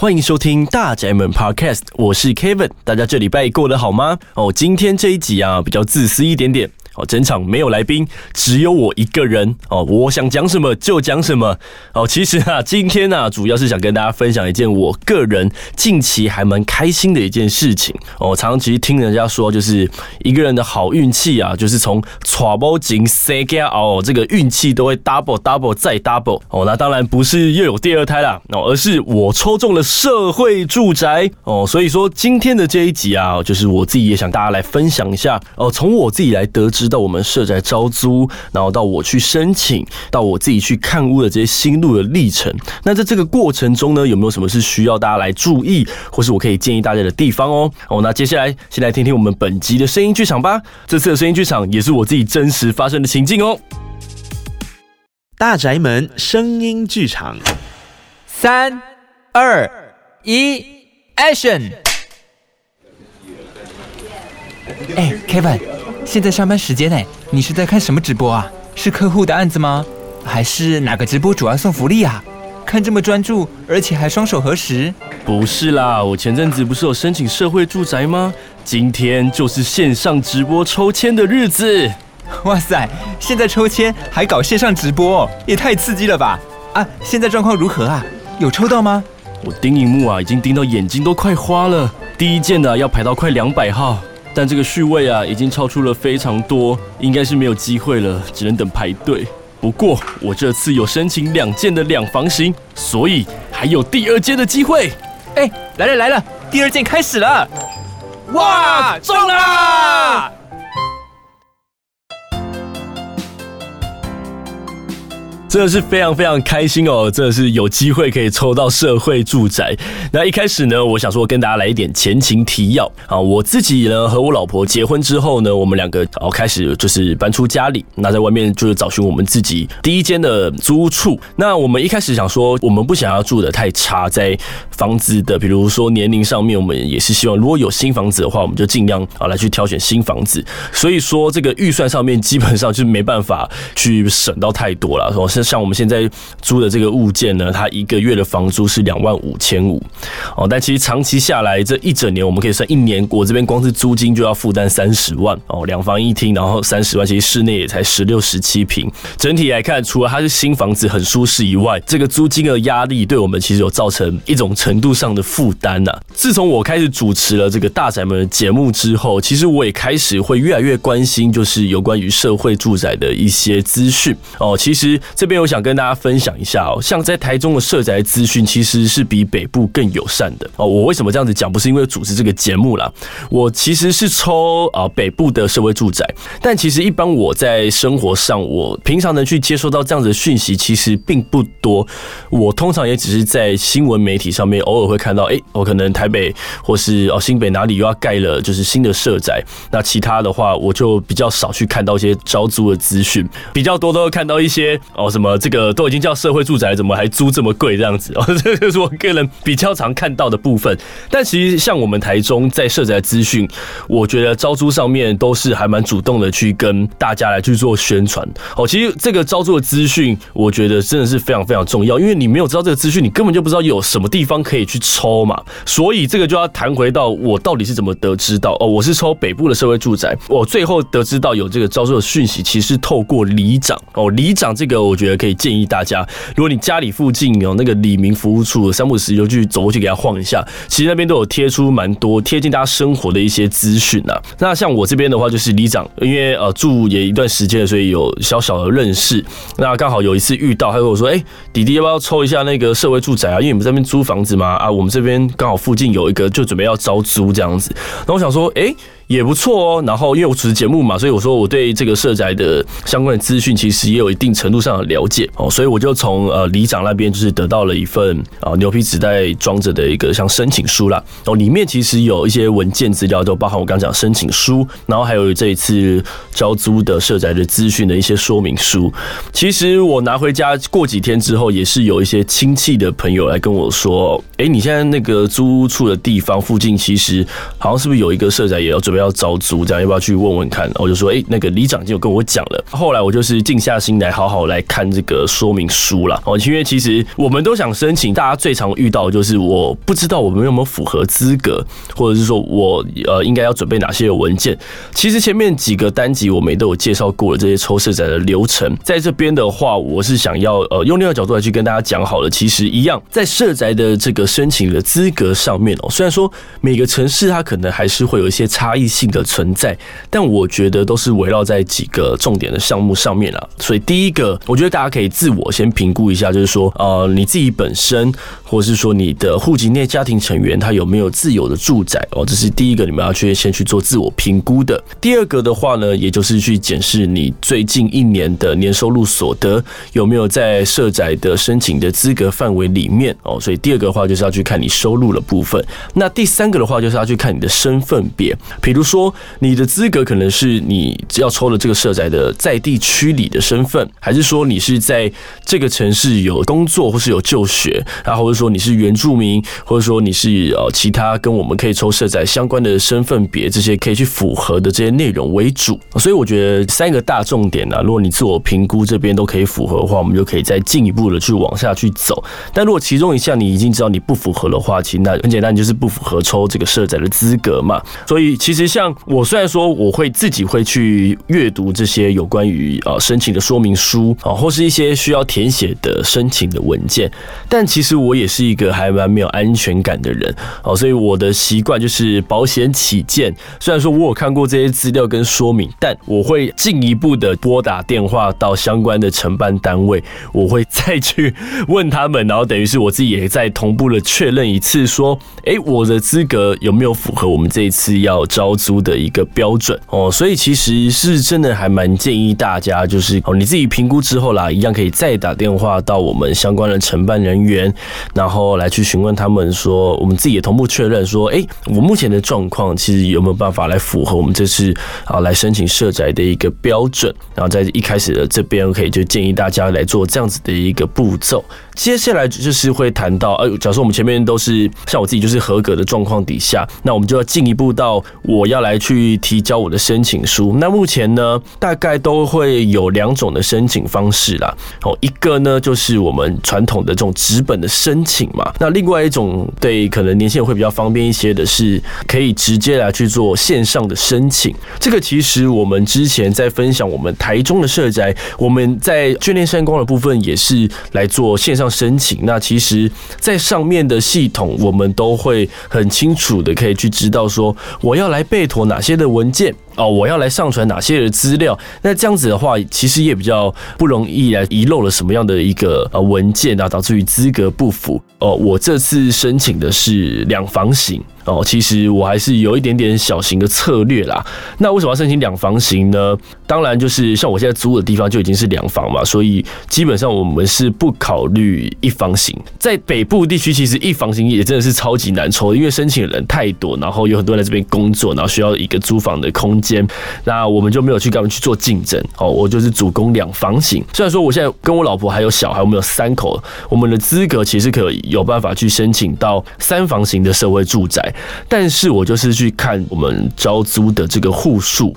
歡迎收聽大宅們 Podcast，我是 Kevin，大家這禮拜過得好嗎？哦，今天這一集啊，比較自私一點點。哦，整場沒有來賓，只有我一個人。哦，我想講什麼就講什麼。哦，其實啊，今天呢、啊，主要是想跟大家分享一件我個人近期還蠻開心的一件事情。哦，常常其實聽人家說，就是一個人的好運氣啊，就是從 trouble 金 c 加哦，這個運氣都會 double double 再 double。哦，那當然不是又有第二胎啦，哦，而是我抽中了社會住宅。哦，所以說今天的這一集啊，就是我自己也想大家來分享一下。哦，從我自己來得知。知道我們社宅招租，然後到我去申請，到我自己去看屋的這些心路的歷程。那在這個過程中呢，有沒有什麼是需要大家來注意，或是我可以建議大家的地方哦、喔。哦，那接下來先來聽聽我們本集的聲音劇場吧。這次的聲音劇場也是我自己真實發生的情境哦、喔。大宅們聲音劇場，三二一，Action！哎 Yeah, hey, Kevin。現在上班時間哎，你是在看什麼直播啊？是客戶的案子嗎？還是哪個直播主要送福利啊？看這麼專注，而且還雙手合十。不是啦，我前陣子不是有申請社會住宅嗎？今天就是線上直播抽籤的日子。哇塞，現在抽籤還搞線上直播哦，也太刺激了吧！啊，現在狀況如何啊？有抽到嗎？我盯熒幕啊，已經盯到眼睛都快花了。第一件的啊，要排到快兩百號。但這個序位啊，已經超出了非常多，應該是沒有機會了，只能等排隊。不過我這次有申請兩件的兩房型，所以還有第二件的機會。哎、欸，來了來了，第二件開始了！哇，中啦了！中了真的是非常非常開心哦、喔！真的是有機會可以抽到社會住宅。那一開始呢，我想說跟大家來一點前情提要啊。我自己呢，和我老婆結婚之後呢，我們兩個哦開始就是搬出家裡，那在外面就是找尋我們自己第一間的租屋處。那我們一開始想說，我們不想要住得太差，在房子的比如說年齡上面，我們也是希望如果有新房子的話，我們就盡量啊來去挑選新房子。所以說這個預算上面基本上就是沒辦法去省到太多了，我像我們現在租的這個物件呢，它一個月的房租是兩萬五千五哦，但其實長期下來，這一整年我們可以算一年，我這邊光是租金就要負擔三十萬哦，兩房一廳，然後三十萬，其實室內也才十六十七平，整體來看，除了它是新房子很舒適以外，這個租金的壓力對我們其實有造成一種程度上的負擔吶。自從我開始主持了這個大宅們的節目之後，其實我也開始會越來越關心，就是有關於社會住宅的一些資訊哦，其實這。這邊我想跟大家分享一下哦，像在台中的社宅資訊其實是比北部更友善的哦。我為什麼這樣子講？不是因為主持這個節目啦，我其實是抽啊北部的社會住宅，但其實一般我在生活上，我平常能去接收到這樣的訊息其實並不多。我通常也只是在新聞媒體上面偶爾會看到，哎、欸，我可能台北或是哦新北哪裡又要蓋了，就是新的社宅。那其他的話，我就比較少去看到一些招租的資訊，比較多都會看到一些哦什麼。麼這個都已經叫社會住宅了，怎麼還租這麼貴這樣子？哦，這就是我個人比較常看到的部分。但其實像我們台中在社宅資訊，我覺得招租上面都是還蠻主動的去跟大家來去做宣傳。哦，其實這個招租的資訊，我覺得真的是非常非常重要，因為你沒有知道這個資訊，你根本就不知道有什麼地方可以去抽嘛。所以這個就要談回到我到底是怎麼得知到哦，我是抽北部的社會住宅，我，哦，最後得知到有這個招租的訊息，其實透過里長哦，里長這個我覺得。可以建議大家，如果你家裡附近有那個里民服務處、三不五時，就去走過去給他晃一下。其實那邊都有貼出蠻多貼近大家生活的一些資訊啊。那像我這邊的話，就是里長，因為呃住也一段時間所以有小小的認識。那剛好有一次遇到，他跟我說：“哎、欸，弟弟要不要抽一下那個社會住宅啊？因為你們在那邊租房子嘛。”啊，我們這邊剛好附近有一個，就準備要招租這樣子。”那我想說：“哎、欸。”也不錯哦、喔。然後因為我主持節目嘛，所以我說我對這個社宅的相關的資訊其實也有一定程度上的了解哦，所以我就從呃里長那邊就是得到了一份啊牛皮紙袋裝着的一個像申請書啦哦，裡面其實有一些文件資料，都包含我剛講申請書，然後還有這一次交租的社宅的資訊的一些說明書。其實我拿回家過幾天之後，也是有一些親戚的朋友來跟我說，哎、欸，你現在那個租屋處的地方附近其實好像是不是有一個社宅也要準備。要招租，這樣要不要去問問看？我就說，哎、欸，那個里長就有跟我講了。後來我就是靜下心來，好好來看這個說明書了。哦，因為其實我們都想申請，大家最常遇到就是我不知道我們有沒有符合資格，或者是說我呃應該要準備哪些文件。其實前面幾個單集我們都有介紹過了這些抽社宅的流程。在這邊的話，我是想要呃用另外一個角度來去跟大家講好了。其實一樣，在社宅的這個申請的資格上面哦，雖然說每個城市它可能還是會有一些差異性的存在，但我覺得都是圍繞在幾個重點的項目上面了。所以第一個，我覺得大家可以自我先評估一下，就是說，呃，你自己本身，或者是說你的戶籍內家庭成員，他有沒有自有的住宅？哦，這是第一個你們要去先去做自我評估的。第二個的話呢，也就是去檢視你最近一年的年收入所得有沒有在社宅的申請的資格範圍裡面哦。所以第二個的話就是要去看你收入的部分。那第三個的話，就是要去看你的身份別。比如說，你的資格可能是你要抽了這個社宅的在地區里的身份，還是說你是在這個城市有工作，或是有就學，然後或者說你是原住民，或者說你是呃其他跟我們可以抽社宅相關的身份別，這些可以去符合的這些內容為主。所以我覺得三個大重點呢，啊，如果你自我評估這邊都可以符合的話，我們就可以再進一步的去往下去走。但如果其中一項你已經知道你不符合的話，其實那很簡單，你就是不符合抽這個社宅的資格嘛。所以其實。其實像我，雖然說我會自己會去閱讀這些有關於呃申請的說明書啊，或是一些需要填寫的申請的文件，但其實我也是一個還蠻沒有安全感的人啊，所以我的習慣就是保險起見，雖然說我有看過這些資料跟說明，但我會進一步的撥打電話到相關的承辦單位，我會再去問他們，然後等於是我自己也在同步的確認一次說，說、欸，我的資格有沒有符合我們這一次要招待？租的一個標準哦，所以其實是真的還蠻建議大家，就是哦你自己評估之後啦，一樣可以再打電話到我們相關的承辦人員，然後來去詢問他們說，我們自己也同步確認說，哎、欸，我目前的狀況其實有沒有辦法來符合我們這次啊來申請社宅的一個標準，然後在一開始的這邊可以就建議大家來做這樣子的一個步驟。接下來就是會談到，哎、欸，假設我們前面都是像我自己就是合格的狀況底下，那我們就要進一步到我。我要來去提交我的申請書。那目前呢，大概都會有兩種的申請方式啦。哦，一個呢就是我們傳統的這種紙本的申請嘛。那另外一種對，可能年輕人會比較方便一些的是可以直接來去做線上的申請。這個其實我們之前在分享我們台中的社宅，我們在眷戀山光的部分也是來做線上申請。那其實，在上面的系統，我們都會很清楚的可以去知道說我要來。備妥哪些的文件？哦，我要來上傳哪些的資料？那這樣子的話，其實也比較不容易來遺漏了什麼樣的一個呃文件啊，導致於資格不符。哦，我這次申請的是兩房型。哦，其實我還是有一點點小型的策略啦。那為什麼要申請兩房型呢？當然就是像我現在租的地方就已經是兩房嘛，所以基本上我們是不考慮一房型。在北部地區，其實一房型也真的是超級難抽，因為申請的人太多，然後有很多人在這邊工作，然後需要一個租房的空間。那我們就沒有去跟他們去做競爭哦，我就是主攻兩房型。雖然說我現在跟我老婆還有小孩，我們有三口，我們的資格其實可以有辦法去申請到三房型的社會住宅，但是我就是去看我們招租的這個戶數，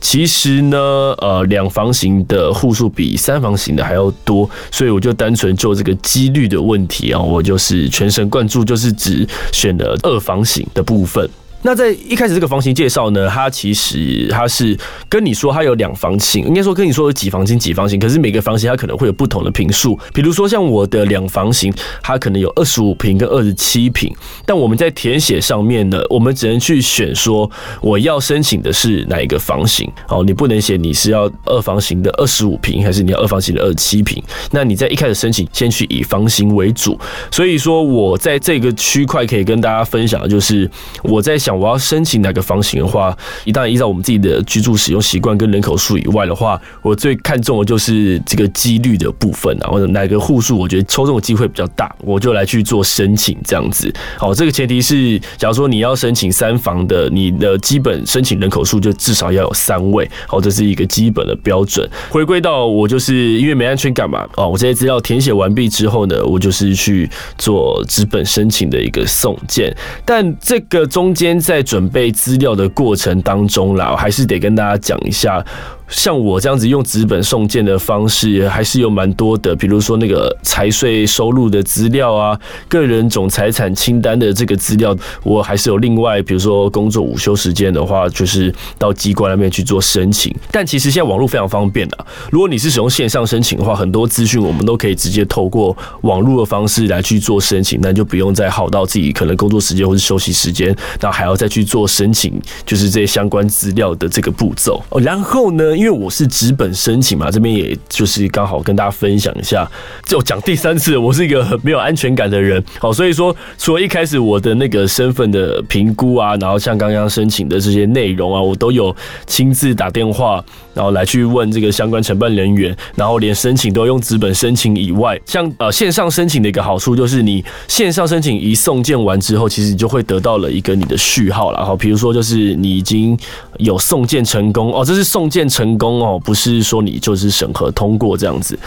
其實呢，呃，兩房型的戶數比三房型的還要多，所以我就單純就這個幾率的問題啊、哦，我就是全神貫注，就是只選了二房型的部分。那在一開始這個房型介紹呢，它其實它是跟你說它有兩房型，應該說跟你說有幾房型幾房型，可是每個房型它可能會有不同的坪數，比如說像我的兩房型，它可能有二十五坪跟二十七坪，但我們在填寫上面呢，我們只能去選說我要申請的是哪一個房型，哦，你不能寫你是要二房型的二十五坪還是你要二房型的二十七坪，那你在一開始申請先去以房型為主，所以說我在這個區塊可以跟大家分享的就是我在想。我要申請哪個房型的話，一旦依照我們自己的居住使用習慣跟人口數以外的話，我最看重的就是這個幾率的部分啊，或者哪個戶數，我覺得抽中的機會比較大，我就來去做申請這樣子。好，這個前提是，假如說你要申請三房的，你的基本申請人口數就至少要有三位。好，這是一個基本的標準。回歸到我就是因為沒安全感嘛，哦，我這些資料填寫完畢之後呢，我就是去做紙本申請的一個送件，但這個中間。在準備資料的過程當中啦，我還是得跟大家講一下。像我這樣子用紙本送件的方式，還是有蠻多的，比如說那個財稅收入的資料啊，個人總財產清單的這個資料，我還是有另外，比如說工作午休時間的話，就是到機關那邊去做申請。但其實現在網絡非常方便的，如果你是使用線上申請的話，很多資訊我們都可以直接透過網絡的方式來去做申請，那就不用再耗到自己可能工作時間或是休息時間，那還要再去做申請，就是這些相關資料的這個步驟，哦。然後呢，因為我是紙本申請嘛，這邊也就是剛好跟大家分享一下，就講第三次，我是一個很沒有安全感的人，好，所以說，除了一開始我的那個身份的評估啊，然後像剛剛申請的這些內容啊，我都有親自打電話。然後來去問這個相關承辦人員，然後連申請都用紙本申請以外，像呃線上申請的一個好處就是你線上申請一送件完之後，其實你就會得到了一個你的序號啦，好，比如說就是你已經有送件成功哦，這是送件成功哦，不是說你就是審核通過這樣子。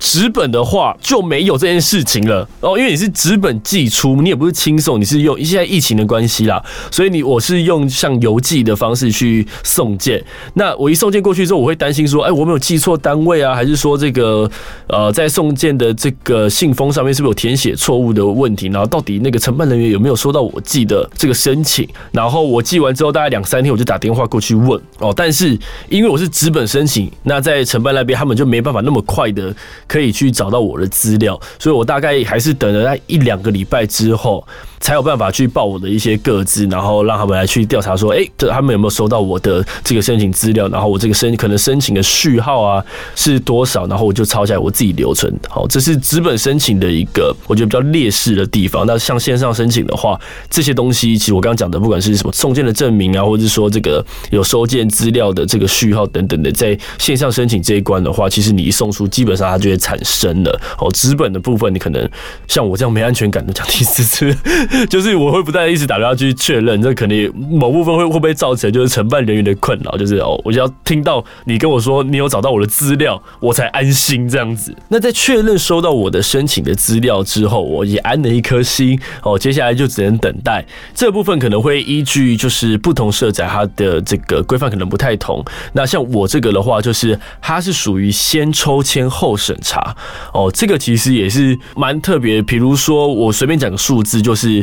紙本的話就沒有這件事情了哦，因為你是紙本寄出，你也不是親送，你是用現在疫情的關係啦，所以你我是用像郵寄的方式去送件。那我一送件過去之後，我會擔心說，哎、欸，我沒有寄錯單位啊，還是說這個呃，在送件的這個信封上面是不是有填寫錯誤的問題，然後到底那個承辦人員有沒有收到我寄的這個申請？然後我寄完之後，大概兩三天我就打電話過去問哦、喔。但是因為我是紙本申請，那在承辦那邊他們就沒辦法那麼快的可以去找到我的資料，所以我大概還是等了那一兩個禮拜之後。才有辦法去報我的一些個資，然後讓他們來去調查說，誒、欸，這他們有沒有收到我的這個申請資料？然後我這個申可能申請的序號啊是多少？然後我就抄下來，我自己留存。好，這是紙本申請的一個我覺得比較劣勢的地方。那像線上申請的話，這些東西其實我剛剛講的，不管是什麼送件的證明啊，或者是說這個有收件資料的這個序號等等的，在線上申請這一關的話，其實你一送出基本上它就會產生了。好，紙本的部分你可能像我這樣沒安全感的講第四次。 就是我會不斷一直打電話去確認，這肯定某部分會會不會造成就是承辦人員的困擾，就是哦，我就要聽到你跟我說你有找到我的資料，我才安心這樣子。那在確認收到我的申請的資料之後，我也安了一顆心哦，接下來就只能等待。這部分可能會依據就是不同社宅它的這個規範可能不太同。那像我這個的話，就是它是屬於先抽籤後審查哦，這個其實也是蠻特別。比如說我隨便講個數字，就是。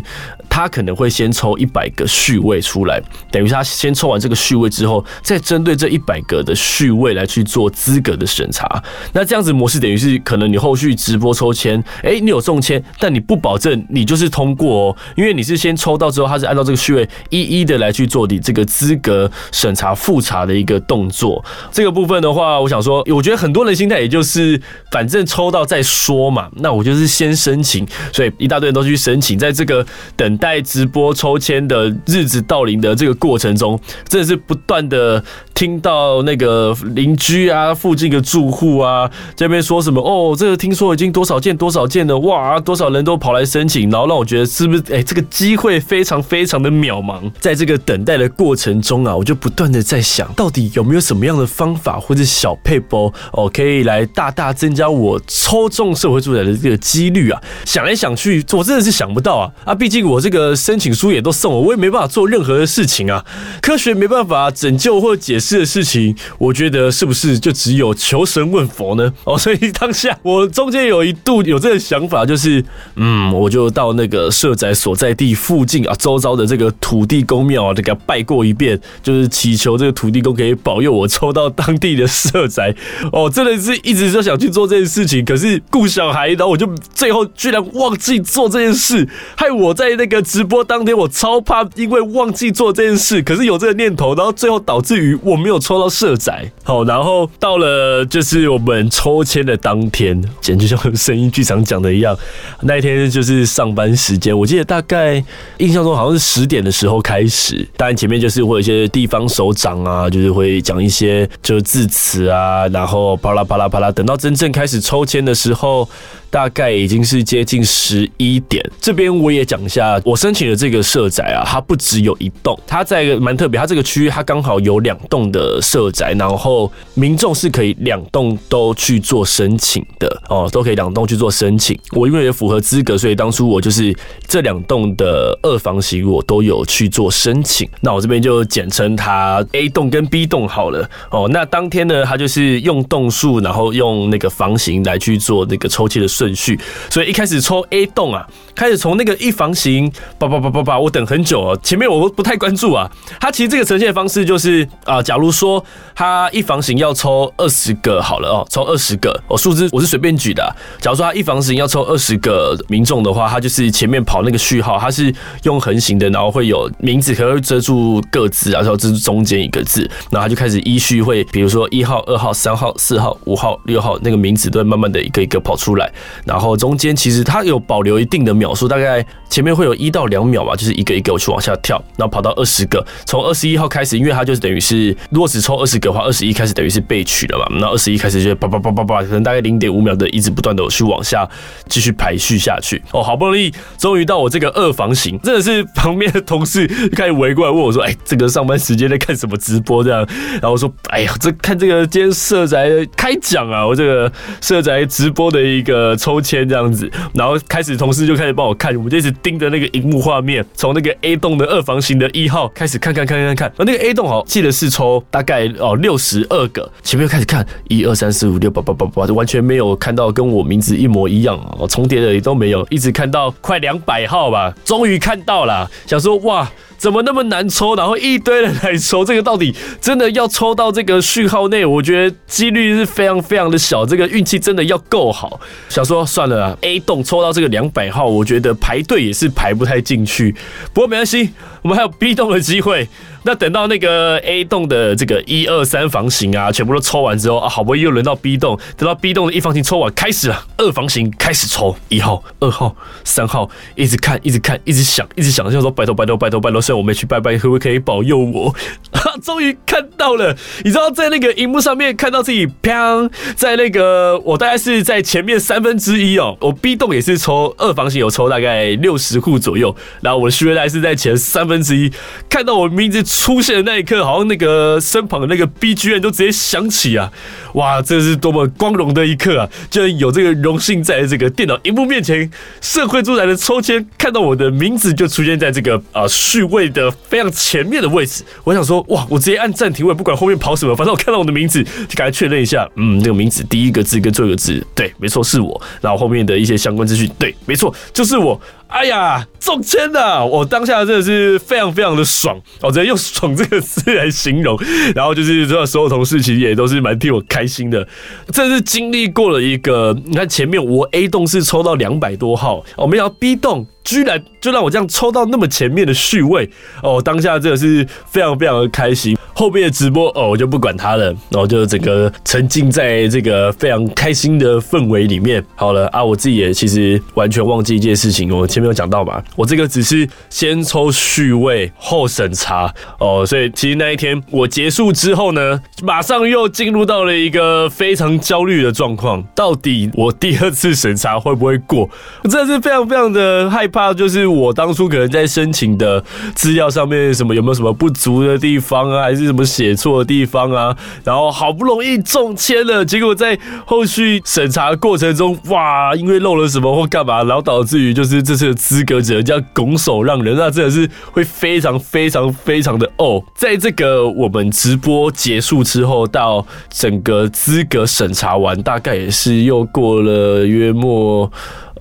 他可能會先抽一百個序位出來，等於他先抽完這個序位之後，再針對這一百個的序位來去做資格的審查。那這樣子模式等，等於是可能你後續直播抽籤，哎、欸，你有中籤，但你不保證你就是通過，哦，因為你是先抽到之後，他是按照這個序位一一的來去做你這個資格審查複查的一個動作。這個部分的話，我想說，我覺得很多人心態也就是，反正抽到再說嘛，那我就是先申請，所以一大堆人都去申請，在這個。等待直播抽籤的日子到臨的這個過程中，真的是不斷的聽到那個鄰居啊、附近的住戶啊，這邊說什麼哦，這個聽說已經多少件多少件了，哇，多少人都跑來申請，然後讓我覺得是不是哎、欸，這個機會非常非常的渺茫。在這個等待的過程中啊，我就不斷的在想，到底有沒有什麼樣的方法或者小撇步哦，可以來大大增加我抽中社會住宅的這個幾率啊？想來想去，我真的是想不到啊！畢竟我這個申請書也都送了，我也沒辦法做任何的事情啊。科學沒辦法拯救或解釋的事情，我覺得是不是就只有求神問佛呢？哦，所以當下我中間有一度有這個想法，就是嗯，我就到那個社宅所在地附近啊，周遭的這個土地公廟啊，就給他拜過一遍，就是祈求這個土地公可以保佑我抽到當地的社宅。哦，真的是一直就想去做這件事情，可是顧小孩，然後我就最後居然忘記做這件事，害我。我在那個直播當天，我超怕，因為忘記做這件事，可是有這個念頭，然後最後導致於我沒有抽到社宅。好，然後到了就是我們抽籤的當天，簡直像聲音劇場講的一樣，那一天就是上班時間，我記得大概印象中好像是十點的時候開始，當然前面就是會有一些地方首長啊，就是會講一些就是致辭啊，然後啪啦啪啦啪啦，等到真正開始抽籤的時候，大概已經是接近十一點，這邊我也講。講一下，我申請的這個社宅啊，它不只有一棟，它在一個蠻特別，它這個區域它剛好有兩棟的社宅，然後民眾是可以兩棟都去做申請的哦，都可以兩棟去做申請。我因為也符合資格，所以當初我就是這兩棟的二房型，我都有去做申請。那我這邊就簡稱它 A 棟跟 B 棟好了哦。那當天呢，它就是用棟數，然後用那個房型來去做那個抽籤的順序，所以一開始抽 A 棟啊，開始從那個一。房型，吧吧吧吧吧，我等很久哦。前面我不太關注啊。他其實這個呈現的方式就是啊，呃，假如說他一房型要抽二十個好了哦，抽二十個哦，數字我是隨便舉的。假如說他一房型要抽二十個民眾的話，他就是前面跑那個序號，他是用橫行的，然後會有名字，可能會遮住個字，然後遮住中間一個字，然後他就開始依序會，比如說一號、二號、三號、四號、五號、六號，那個名字都會慢慢的一個一個跑出來。然後中間其實他有保留一定的秒數，大概。前面會有一到兩秒吧，就是一個一個我去往下跳，然後跑到二十個，從二十一號開始，因為它就是等於是，如果只抽二十個的話，二十一開始等於是備取了嘛，那二十一開始就叭叭叭叭叭，可能大概零點五秒的一直不斷的我去往下繼續排序下去。哦，好不容易終於到我這個二房型，真的是旁邊的同事開始圍過來問我說：“哎、欸，這個上班時間在看什麼直播這樣？”然後我說：“哎呀，這看這個今天社宅開獎啊，我這個社宅直播的一個抽籤這樣子。”然後開始同事就開始幫我看，我這次。盯着那個熒幕畫面，從那個 A 棟的二房型的一號開始看，看，看，看，看，而那個 A 棟哦，記得是抽大概哦六十二個，前面又開始看一二三四五六八八八八，就完全沒有看到跟我名字一模一樣哦，重疊的也都沒有，一直看到快兩百號吧，終於看到啦，想說哇，怎麼那麼難抽？然後一堆人來抽，這個到底真的要抽到這個序號內，我覺得幾率是非常非常的小。這個運氣真的要夠好。想說算了啦，A 棟抽到這個兩百號，我覺得排隊也是排不太進去。不過沒關係，我們還有 B 棟的機會。那等到那個 A 棟的這個一二三房型啊，全部都抽完之後啊，好不容易又輪到 B 棟，等到 B 棟的一房型抽完，開始了二房型開始抽，一號、二號、三號，一直看、一直看、一直想、一直想，就想說拜托、拜托、拜托、拜托，雖然我沒去拜拜，可不可以保佑我啊？終於看到了，你知道在那個熒幕上面看到自己，啪，在那個我大概是在前面三分之一哦，3, 我 B 棟也是抽二房型，有抽大概六十戶左右，然後我的序號大概是在前三分之一，3, 看到我名字，出現的那一刻，好像那個身旁的那個 B G M 都直接響起啊！哇，這是多麼光榮的一刻啊！就有這個榮幸在這個電腦熒幕面前，社會住宅的抽籤，看到我的名字就出現在這個啊、呃、序位的非常前面的位置。我想說，哇，我直接按暫停鍵，不管後面跑什麼，反正我看到我的名字就趕快確認一下。嗯，這、那個名字第一個字跟最後一個字，對，沒錯，是我。然後後面的一些相關資訊，對，沒錯，就是我。哎呀，中籤了啊！我當下真的是非常非常的爽，我直接用“爽”這個字來形容。然後就是說，所有同事其實也都是蠻替我開心的。這是經歷過了一個，你看前面我 A 棟是抽到兩百多號，我們要 B 棟。居然就讓我這樣抽到那麼前面的序位哦，當下真的是非常非常的開心。後面的直播哦，我就不管他了，然後，哦，就整個沉浸在這個非常開心的氛圍裡面。好了啊，我自己也其實完全忘記一件事情，我前面有講到嘛，我這個只是先抽序位後審查哦，所以其實那一天我結束之後呢，馬上又進入到了一個非常焦慮的狀況，到底我第二次審查會不會過？我真的是非常非常的害怕。怕就是我當初可能在申請的資料上面什麼有沒有什麼不足的地方啊，還是什麼寫錯的地方啊？然後好不容易中籤了，結果在後續審查過程中，哇，因為漏了什麼或幹嘛，然後導致於就是這次的資格只能這樣拱手讓人，那真的是會非常非常非常的哦，在這個我們直播結束之後，到整個資格審查完，大概也是又過了約莫。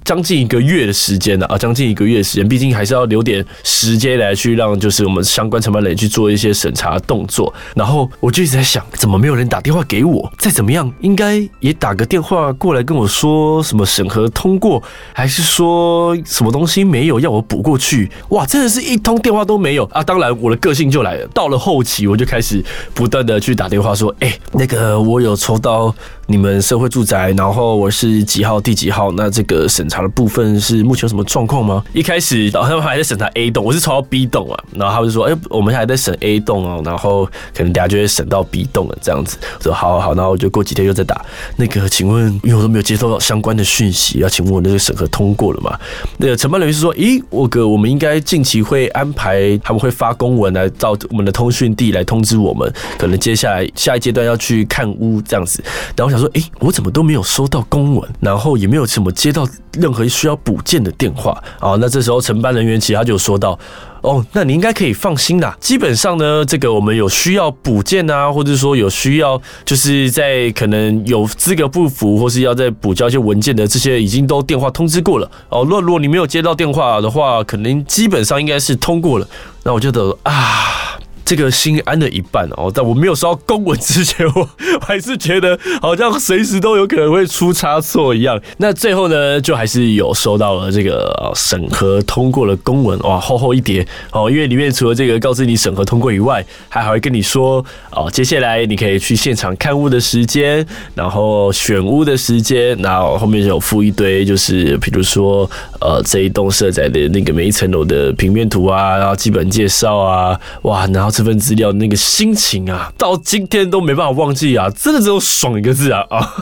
將近一個月的時間了啊，啊，將近一個月的時間，畢竟還是要留點時間來去讓就是我們相關承辦人去做一些審查動作。然後我就一直在想，怎麼沒有人打電話給我？再怎麼樣，應該也打個電話過來跟我說什麼審核通過，還是說什麼東西沒有要我補過去？哇，真的是一通電話都沒有啊！當然，我的個性就來了，到了後期我就開始不斷的去打電話說，誒，那個我有抽到，你們社會住宅，然後我是幾號第幾號？那這個審查的部分是目前有什麼狀況嗎？一開始，然後他們還在審查 A 棟，我是抽到 B 棟啊。然後他們就說：“哎、欸，我們還在審 A 棟哦，然後可能等下就會審到 B 棟了這樣子。”說：“好好好，然後我就過幾天又再打那個，請問，因為我都沒有接收到相關的訊息要請問我那個審核通過了嗎？”那個承辦人員是說：“咦，我個我們應該近期會安排他們會發公文來到我們的通訊地來通知我們，可能接下來下一階段要去看屋這樣子。”然後。他說：“哎、欸，我怎麼都沒有收到公文，然後也沒有什麼接到任何需要補件的電話啊？那這時候承辦人員其實他就說到：哦，那你應該可以放心啦。基本上呢，這個我們有需要補件啊，或者說有需要就是在可能有資格不符，或是要再補交一些文件的這些，已經都電話通知過了哦。如果，如果你沒有接到電話的話，可能基本上應該是通過了。那我就等啊。”這個心安了一半哦，在我沒有收到公文之前，我還是覺得好像隨時都有可能會出差錯一樣。那最後呢，就還是有收到了這個審核通過的公文，哇，厚厚一疊哦，因為裡面除了這個告知你審核通過以外，還還會跟你說哦，接下來你可以去現場看屋的時間，然後選屋的時間，然後後面有附一堆，就是比如說呃，這一棟社宅的那個每一層樓的平面圖啊，然後基本介紹啊，哇，然後。這份資料那個心情啊，到今天都沒辦法忘記啊！真的只有爽一個字啊啊！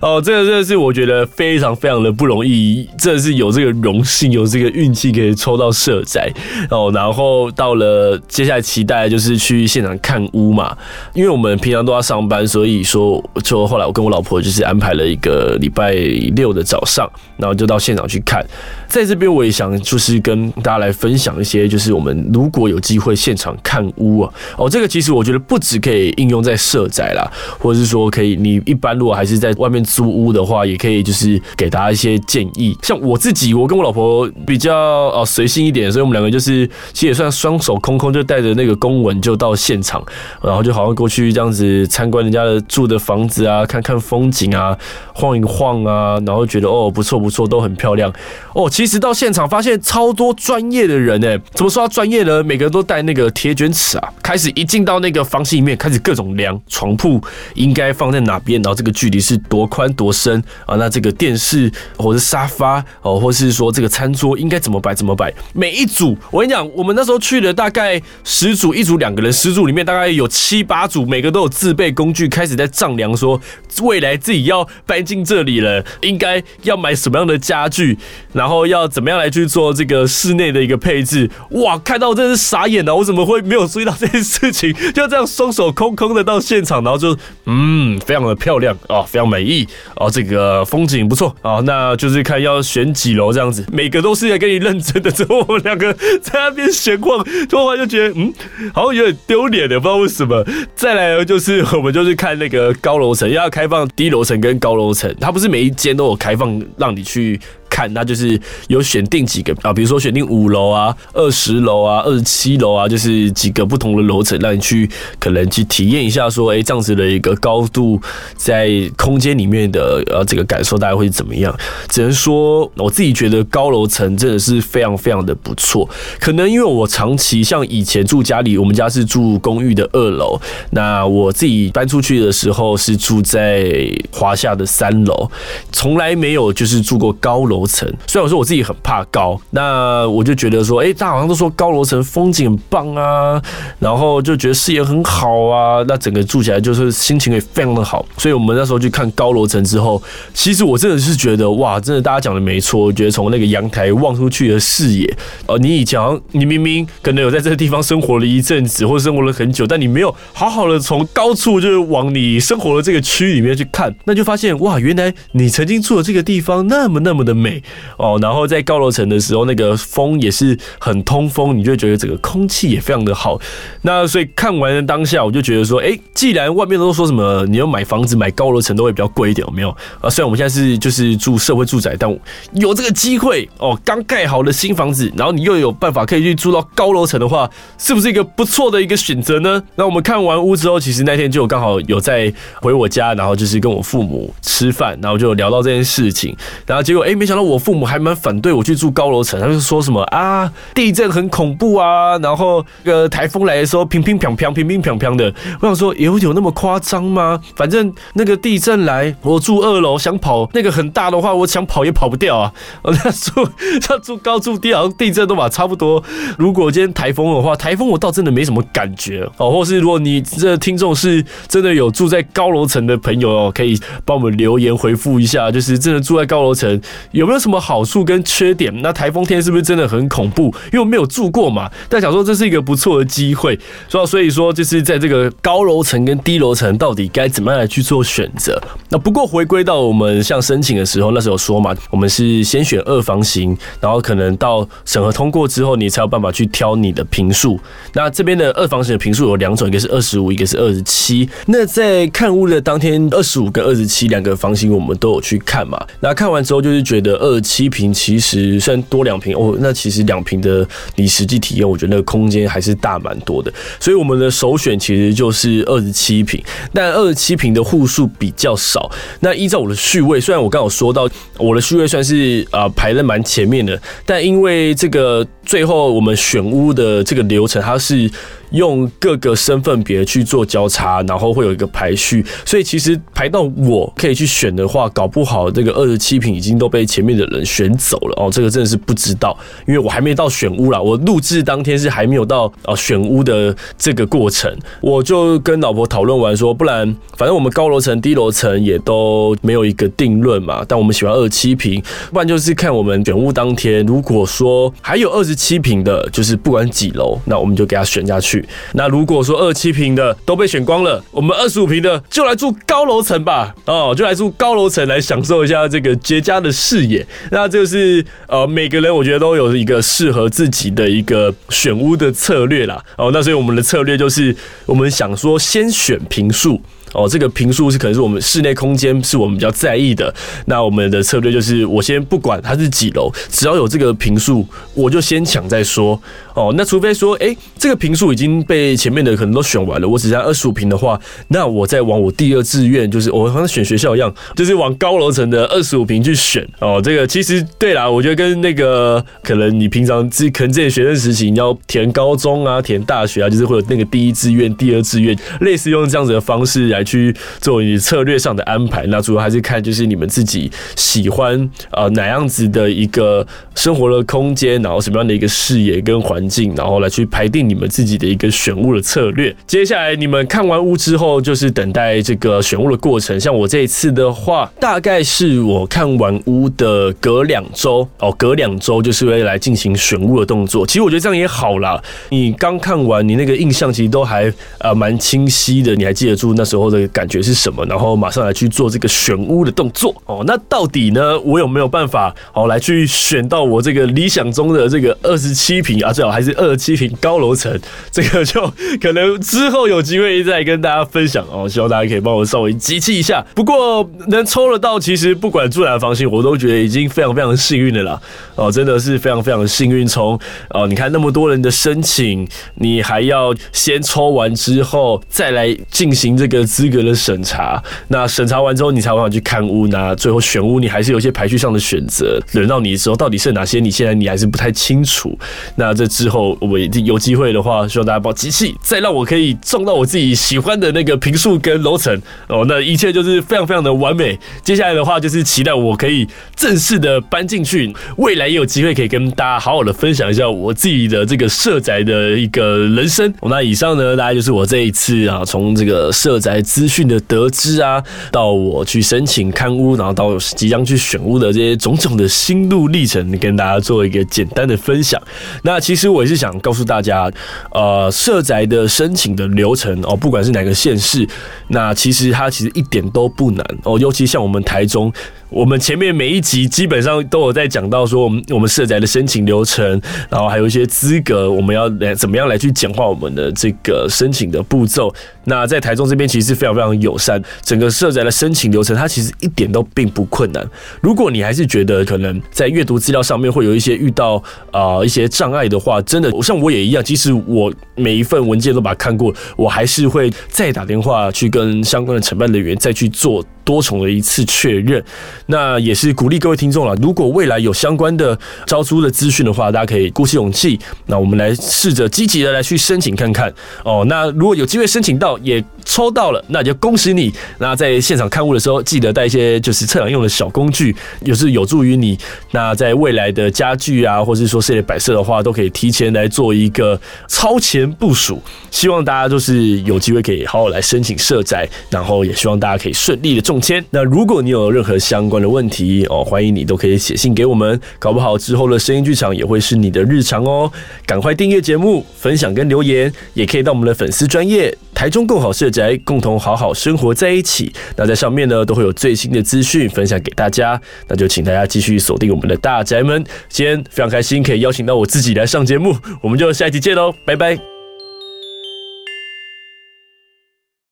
哦，這個真的是我覺得非常非常的不容易，真的是有這個榮幸，有這個運氣可以抽到社宅哦。然後到了接下來期待來就是去現場看屋嘛，因為我們平常都要上班，所以說就後來我跟我老婆就是安排了一個禮拜六的早上，然後就到現場去看。在這邊我也想就是跟大家來分享一些，就是我們如果有機會現場看，看屋啊，哦，這個其實我覺得不止可以應用在社宅啦，或者是說可以，你一般如果還是在外面租屋的話，也可以就是給大家一些建議。像我自己，我跟我老婆比較呃、啊、隨性一點，所以我們兩個就是其實也算雙手空空，就帶着那個公文就到現場，然後就好像過去這樣子參觀人家的住的房子啊，看看風景啊，晃一晃啊，然後覺得哦不錯不錯，都很漂亮。哦，其實到現場發現超多專業的人呢，怎麼說專業呢？每個人都帶那個貼卷。堅持啊！開始一進到那個房間裡面，開始各種量床鋪應該放在哪邊，然後這個距離是多寬多深啊？那這個電視或者沙發哦，或是說這個餐桌應該怎麼擺怎麼擺？每一組，我跟你講，我們那時候去了大概十組，一組兩個人，十組裡面大概有七八組，每個都有自備工具，開始在丈量說未來自己要搬進這裡了，應該要買什麼樣的家具，然後要怎麼樣來去做這個室內的一個配置？哇！看到我真是傻眼了，啊，我怎麼會？沒有注意到這件事情，就這樣雙手空空的到現場，然後就嗯，非常的漂亮啊、哦，非常美意啊、哦，這個風景不錯啊、哦，那就是看要選幾樓這樣子，每個都是在跟你認真的。之後我們兩個在那邊閒逛，突然就覺得嗯，好像有點丟臉的，不知道為什麼。再來就是我們就是看那個高樓層要開放低樓層跟高樓層，它不是每一間都有開放讓你去。看，那就是有選定幾個啊，比如說選定五樓啊、二十樓啊、二十七樓啊，就是幾個不同的樓層，讓你去可能去體驗一下，說，哎、欸，這樣子的一個高度在空間裡面的呃這個、啊、感受大概會怎麼樣？只能說我自己覺得高樓層真的是非常非常的不錯。可能因為我長期像以前住家裡，我們家是住公寓的二樓，那我自己搬出去的時候是住在華夏的三樓，從來沒有就是住過高樓層，雖然我說我自己很怕高，那我就覺得說，哎、欸，大家好像都說高樓層風景很棒啊，然後就覺得視野很好啊，那整個住起來就是心情也非常的好。所以我們那時候去看高樓層之後，其實我真的是覺得，哇，真的大家講的沒錯。我覺得從那個陽台望出去的視野，哦，你以前你明明可能有在這個地方生活了一陣子，或生活了很久，但你沒有好好的從高處就是往你生活的這個區裡面去看，那就發現哇，原來你曾經住的這個地方那麼那麼的美。美哦，然後在高樓層的時候，那個風也是很通風，你就會覺得整個空氣也非常的好。那所以看完當下，我就覺得說，哎、欸，既然外面都說什麼你要買房子買高樓層都會比較貴一點，有沒有啊？雖然我們現在是就是住社會住宅，但有這個機會哦，剛蓋好的新房子，然後你又有辦法可以去住到高樓層的話，是不是一個不錯的一個選擇呢？那我們看完屋之後，其實那天就剛好有在回我家，然後就是跟我父母吃飯，然後就聊到這件事情，然後結果哎、欸，沒想。後我父母還蠻反對我去住高樓層，他就說什麼啊地震很恐怖啊，然後呃，台風來的時候乒乒乓乓、乒乒乓乓的。我想說有有那麼誇張嗎？反正那個地震來，我住二樓想跑，那個很大的話，我想跑也跑不掉啊。他說他住高住低，好像地震都嘛差不多。如果今天台風的話，台風我倒真的沒什麼感覺哦。或是如果你這聽眾是真的有住在高樓層的朋友哦，可以幫我們留言回覆一下，就是真的住在高樓層有沒有什麼好處跟缺點？那台風天是不是真的很恐怖？因為我沒有住過嘛。但想說這是一個不錯的機會，所以所以說就是在這個高樓層跟低樓層到底該怎麼樣來去做選擇？那不過回歸到我們像申請的時候，那時候有說嘛，我們是先選二房型，然後可能到審核通過之後，你才有辦法去挑你的坪數。那這邊的二房型的坪數有兩種，一個是二十五，一個是二十七。那在看屋的當天，二十五跟二十七兩個房型我們都有去看嘛。那看完之後就是覺得。二十七平其實算多兩平哦，那其實兩平的你實際體驗，我覺得那個空間還是大蠻多的，所以我們的首選其實就是二十七平，但二十七平的戶數比較少，那依照我的序位，雖然我剛好說到我的序位算是啊、呃、排在蠻前面的，但因為這個。最後我們選屋的這個流程，它是用各個身份別去做交叉，然後會有一個排序。所以其實排到我可以去選的話，搞不好這個二十七坪已經都被前面的人選走了哦。這個真的是不知道，因為我還沒到選屋啦。我錄製當天是還沒有到啊選屋的這個過程。我就跟老婆討論完說，不然反正我們高樓層、低樓層也都沒有一個定論嘛。但我們喜歡二十七坪，不然就是看我們選屋當天，如果說還有二十七坪，七平的，就是不管幾樓，那我們就給他選下去。那如果說二七平的都被選光了，我們二十五平的就來住高樓層吧。哦，就來住高樓層，來享受一下這個絕佳的視野。那這個是呃，每個人我覺得都有一個適合自己的一個選屋的策略啦。哦，那所以我們的策略就是，我們想說先選平數。哦，這個坪數，是可能是我們室內空間，是我們比較在意的。那我們的策略就是，我先不管它是幾樓，只要有這個坪數，我就先搶再說。哦，那除非說，哎、欸，這個坪數已經被前面的可能都選完了，我只剩下二十五坪的話，那我再往我第二志願，就是我好像選學校一樣，就是往高樓層的二十五坪去選。哦，這個其實對啦，我覺得跟那個可能你平常是可能這些學生時期，你要填高中啊，填大學啊，就是會有那個第一志願、第二志願，類似用這樣子的方式來。去做一些策略上的安排，那主要還是看，就是你們自己喜歡呃哪樣子的一個生活的空間，然後什麼樣的一個視野跟環境，然後來去排定你們自己的一個選屋的策略。接下來你們看完屋之後，就是等待這個選屋的過程。像我這一次的話，大概是我看完屋的隔兩周哦，隔兩周就是會來進行選屋的動作。其實我覺得這樣也好啦，你剛看完你那個印象其實都還呃蠻清晰的，你還記得住那時候的感覺是什麼？然後馬上來去做這個選屋的動作哦。那到底呢，我有沒有辦法好，哦、來去選到我這個理想中的這個二十七坪啊？最好還是二十七坪高樓層。這個就可能之後有機會再跟大家分享哦。希望大家可以幫我稍微集氣一下。不過能抽得到，其實不管住哪房型，我都覺得已經非常非常幸運的啦。哦，真的是非常非常幸運。從哦，你看那麼多人的申請，你還要先抽完之後再來進行這個。資格的審查，那審查完之後，你才往去看屋，那最後選屋，你還是有一些排序上的選擇。輪到你的時候，到底是哪些？你現在你還是不太清楚。那這之後，我一定有機會的話，希望大家幫我集氣，再讓我可以中到我自己喜歡的那個坪數跟樓層哦。那一切就是非常非常的完美。接下來的話，就是期待我可以正式的搬進去。未來也有機會可以跟大家好好的分享一下我自己的這個社宅的一個人生。那以上呢，大概就是我這一次啊，從這個社宅。資訊的得知啊，到我去申請看屋，然後到即將去選屋的這些種種的心路歷程，跟大家做一個簡單的分享。那其實我也是想告訴大家，呃，社宅的申請的流程哦，不管是哪個縣市，那其實它其實一點都不難哦，尤其像我們台中。我們前面每一集基本上都有在講到說，我們我們社宅的申請流程，然後還有一些資格，我們要來怎麼樣來去簡化我們的這個申請的步驟。那在台中這邊其實是非常非常友善，整個社宅的申請流程它其實一點都並不困難。如果你還是覺得可能在閱讀資料上面會有一些遇到啊、呃、一些障礙的話，真的像我也一樣，即使我每一份文件都把它看過，我還是會再打電話去跟相關的承辦人員再去做。多重的一次確認，那也是鼓勵各位聽眾了。如果未來有相關的招租的資訊的話，大家可以鼓起勇氣，那我們來試着積極的來去申請看看哦。那如果有機會申請到也抽到了，那就恭喜你。那在現場看屋的時候，記得帶一些就是測量用的小工具，也是有助於你那在未來的家具啊，或者是說設備擺設的話，都可以提前來做一個超前部署。希望大家就是有機會可以好好來申請社宅，然後也希望大家可以順利的中。那如果你有任何相關的問題哦，歡迎你都可以寫信給我們，搞不好之後的聲音劇場也會是你的日常哦。趕快訂閱節目，分享跟留言，也可以到我們的粉絲專業台中共好社宅，共同好好生活在一起。那在上面呢，都會有最新的資訊分享給大家，那就請大家繼續鎖定我們的大宅們。今天非常開心可以邀請到我自己來上節目，我們就下一集見嘍，拜拜。